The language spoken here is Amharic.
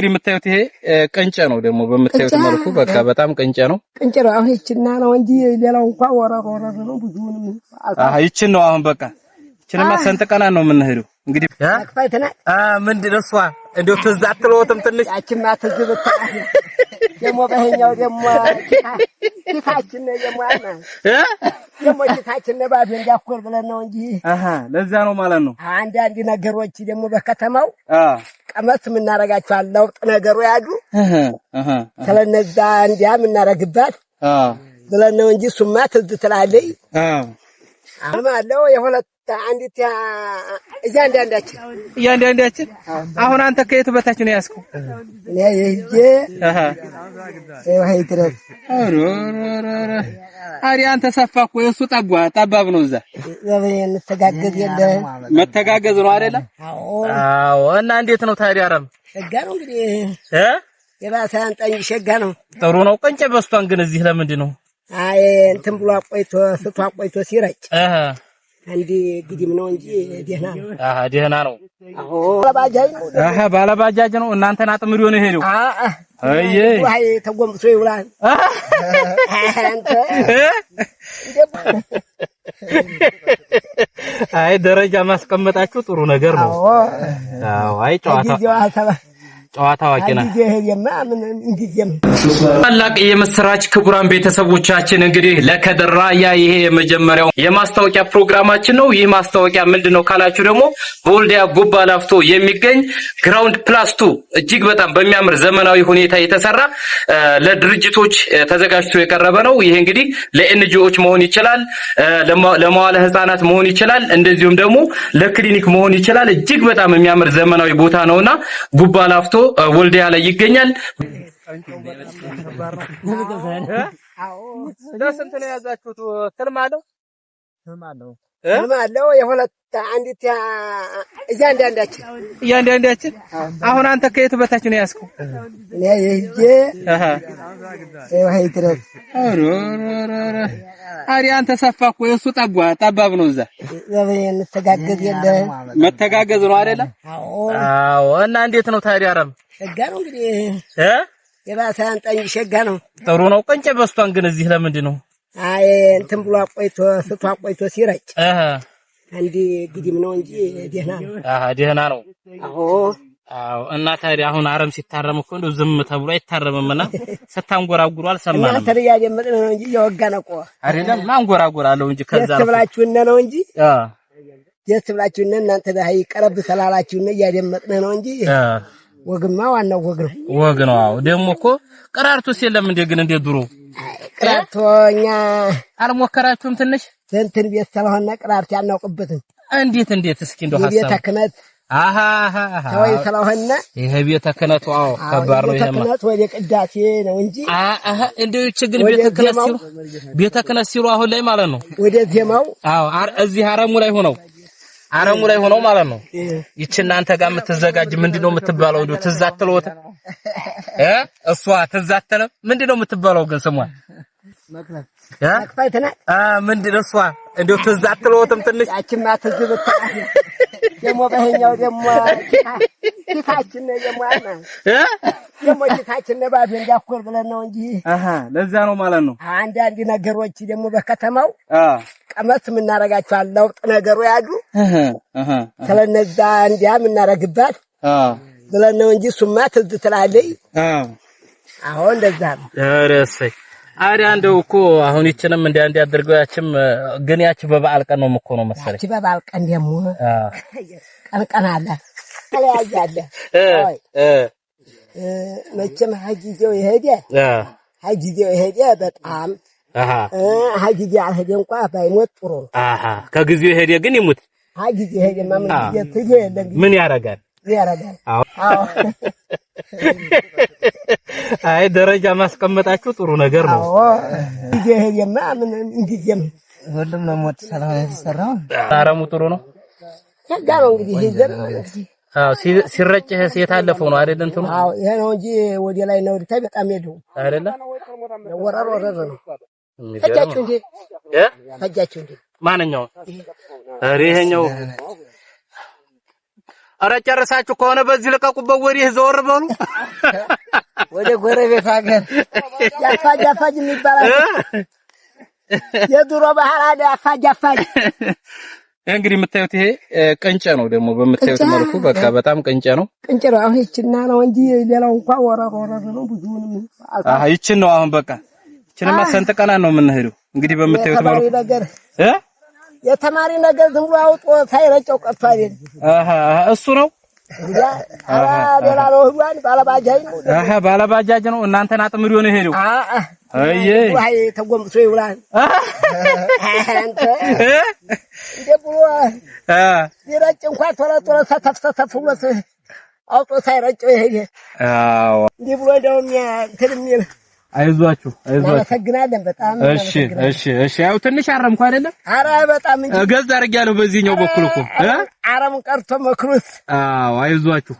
እንግዲህ የምታዩት ይሄ ቅንጨ ነው። ደግሞ በምታዩት መልኩ በቃ በጣም ቅንጨ ነው። ቅንጨ ነው። አሁን ይችና ነው እንጂ ሌላው እንኳን ወረር ወረር ነው። ብዙንም አሃ ይችን ነው አሁን በቃ ይችንማ ሰንጥቀና ነው የምንሄደው እንግዲህ ምንድን ነው እሷ እንደው ትዝ አትለዎትም? ትንሽ ያቺማ ትዝ ብትላት ደግሞ በይሄኛው ደግሞ ጌታችን ነው ደግሞ እ ደግሞ ጌታችን ነው እንዳኮር ብለን ነው እንጂ አሃ፣ ለዛ ነው ማለት ነው። አንዳንድ ነገሮች ደግሞ በከተማው ቀመስ የምናረጋቸው ለውጥ ነገሩ ያሉ ስለነዛ እንዲያ የምናረግባት ብለን ነው እንጂ እሱማ ትዝ ትላለች አሁንም አለው የሁለት አንዲት እያንዳንዳችን እያንዳንዳችን አሁን አንተ ከየት በታች ነው ያዝከው? አሪ አንተ ሰፋ እኮ የእሱ ጠጓ ጠባብ ነው። እዛ መተጋገዝ የለ መተጋገዝ ነው አይደለ? አዎ። እና እንዴት ነው ታዲያ? አረም ሸጋ ነው እንግዲህ እ የባሰ አንጠኝ ሸጋ ነው። ጥሩ ነው። ቀንጨ በስቷን ግን እዚህ ለምንድን ነው? አይ እንትን ብሎ አቆይቶ አቆይቶ ሲረጭ አንድ ግድም ነው እንጂ ደህና ነው። አሃ ደህና ነው። አዎ ባጃጅ ነው። አሃ ነው። እናንተን አጥምዶ ነው የሄደው። አይ አይ ተጎንብሶ ይውላል። አይ ደረጃ ማስቀመጣችሁ ጥሩ ነገር ነው። አይ ጨዋታ ጨዋታ አዋቂ ነህ። ታላቅ የምስራች ክቡራን ቤተሰቦቻችን እንግዲህ ለከድር ራያ ይሄ የመጀመሪያው የማስታወቂያ ፕሮግራማችን ነው። ይህ ማስታወቂያ ምንድን ነው ካላችሁ ደግሞ በወልዲያ ጉባ ላፍቶ የሚገኝ ግራውንድ ፕላስ ቱ እጅግ በጣም በሚያምር ዘመናዊ ሁኔታ የተሰራ ለድርጅቶች ተዘጋጅቶ የቀረበ ነው። ይሄ እንግዲህ ለኤንጂኦች መሆን ይችላል፣ ለመዋለ ህጻናት መሆን ይችላል፣ እንደዚሁም ደግሞ ለክሊኒክ መሆን ይችላል። እጅግ በጣም የሚያምር ዘመናዊ ቦታ ነውና ጉባ ላፍቶ ወልዲያ ላይ ይገኛል። ለስንት ነው የያዛችሁት? ትልም አለው ትልም አለው የሁለት አንዲት እያንዳንዳችን እያንዳንዳችን። አሁን አንተ ከየት በታች ነው የያዝከው? ይሄ አሪያን ተሰፋ ሰፋ እኮ የእሱ ጠጓ ጠባብ ነው። እዛ መተጋገዝ መተጋገዝ ነው አይደለ? አዎ። እና እንዴት ነው ታዲያ? አረም ሸጋ ነው እንግዲህ እ የባሰ አንጠኝ ሸጋ ነው። ጥሩ ነው። ቆንጨ በስቷን ግን እዚህ ለምንድን ነው? አይ እንትን ብሎ አቆይቶ ስቷ አቆይቶ ሲረጭ አንድ ግዲም ነው እንጂ ደህና ነው። አሃ ደህና ነው። አዎ አዎ እና ታዲያ አሁን አረም ሲታረም እኮ እንደው ዝም ተብሎ አይታረምምና ስታንጎራጉሩ አልሰማንም። እና ታዲያ የመጥነ ነው እንጂ እያወጋን እኮ አይደለም ማንጎራጉር አለው እንጂ ከዛ ነው ብላችሁን ነው እንጂ አዎ ደስ ብላችሁን እናንተ ዳይ ቀረብ ስላላችሁን እያደመጥን ነው እንጂ ወግማ ዋናው ወግ ነው ወግ ነው። አዎ ደግሞ እኮ ቀራርቶስ የለም እንደ ግን እንደ ድሮ ቀራርቶኛ አልሞከራችሁም? ትንሽ ትንትን ቤት ስለሆነ ቀራርት አናውቅበትም። እንዴት እንዴት እስኪ እንደው ሐሳብ ቤተ ክህነት አሃ አሃሃ ስለሆነ ይሄ ቤተ ክህነቱ አዎ፣ ከባድ ነው። ይሄማ ወደ ቅዳሴ ነው እንጂ አሃ እንደው ችግር ቤተ ክህነት ሲሉ ቤተ ክህነት ሲሉ አሁን ላይ ማለት ነው ወደ ዜማው አዎ፣ እዚህ አረሙ ላይ ሆነው አረሙ ላይ ሆነው ማለት ነው። ይቺ እናንተ ጋር የምትዘጋጅ ምንድነው የምትባለው? እንደው ትዝ አትለውት እ እሷ ትዝ አትለም። ምንድነው የምትባለው ግን ስሟ አ ምንድነው እሷ? እንደው ትዝ አትለውትም ትንሽ ደግሞ በይኛው ደግሞ ጌታችን ደግሞ ደግሞ ጌታችን ባፌ እንዳኮር ብለን ነው እንጂ ለዛ ነው ማለት ነው። አንዳንድ ነገሮች ደግሞ በከተማው ቀመስ የምናረጋቸው ለውጥ ነገሩ ያሉ ስለነዛ እንዲያ የምናረግባት ብለን ነው እንጂ እሱማ ትዝ ትላለች። አሁን እንደዛ ነው። አሪያ እንደው እኮ አሁን ይችንም እንደ አንድ ያደርገው ያችም ግን ያች በበዓል ቀን ነው እኮ ነው መሰለኝ። ያቺ በበዓል ቀን ደግሞ ቀን ቀን አለ ተለያያለ። መቼም ሀጂጌው ይሄደ ሀጂጌው ይሄደ በጣም ሀጂጌ አልሄደ እንኳ ባይሞት ጥሩ ነው። ከጊዜው ይሄደ ግን ይሙት ማምን ሀጂጌ ይሄደ ምን ያረጋል? ያረጋል። አዎ አይ ደረጃ ማስቀመጣችሁ ጥሩ ነገር ነው። ምን ሁሉም ነው ሞት ሰላም የተሰራው አረሙ ጥሩ ነው። ያ ነው እንግዲህ አዎ ሲረጭ የታለፈው ነው አይደል? እንትኑ አዎ ይሄ ነው እንጂ ወደ ላይ ነው ልታይ በጣም የለው አይደለ? ወረር ወረር ነው። ፈጃችሁ እንዴ እ ፈጃችሁ እንዴ ማንኛው አሪ ይሄኛው አረ ጨርሳችሁ ከሆነ በዚህ ልቀቁበት፣ ወዲህ ዘወር በሉ። ወደ ጎረቤት ሀገር ያፋጅ አፋጅ የሚባላል የድሮ ባህል አለ። አፋጅ አፋጅ እንግዲህ የምታዩት ይሄ ቅንጨ ነው። ደግሞ በምታዩት መልኩ በቃ በጣም ቅንጨ ነው። ቅንጨ ነው። አሁን ይችና ነው እንጂ ሌላው እንኳን ወረር ወረር ነው። ብዙንም አሃ ይችን ነው አሁን በቃ ይችንማ ሰንጥቀና ነው የምንሄደው። እንግዲህ በምታዩት መልኩ የተማሪ ነገር ዝም ብሎ አውጦ ሳይረጨው ቀርቷል። አሃ እሱ ነው ባለባጃጅ ነው። እናንተን አጥምዶ ነው የሄደው። አይ አይ ተጎንብሶ ይውላል። አንተ ብሎ ቢረጭ እንኳን ቶሎ ቶሎ ሰተፍ ሰተፍ ብሎ አውጦ ሳይረጨው ይሄድ። አዎ እንዲህ ብሎ እንደውም እንትን የሚል አይዟችሁ አይዟችሁ። አመሰግናለን በጣም እሺ፣ እሺ፣ እሺ። ያው ትንሽ አረምኩ አይደለም? ኧረ በጣም እንጂ ገዝ አድርጌያለሁ። በዚህኛው በኩል እኮ አረም ቀርቶ መክሩት። አዎ አይዟችሁ።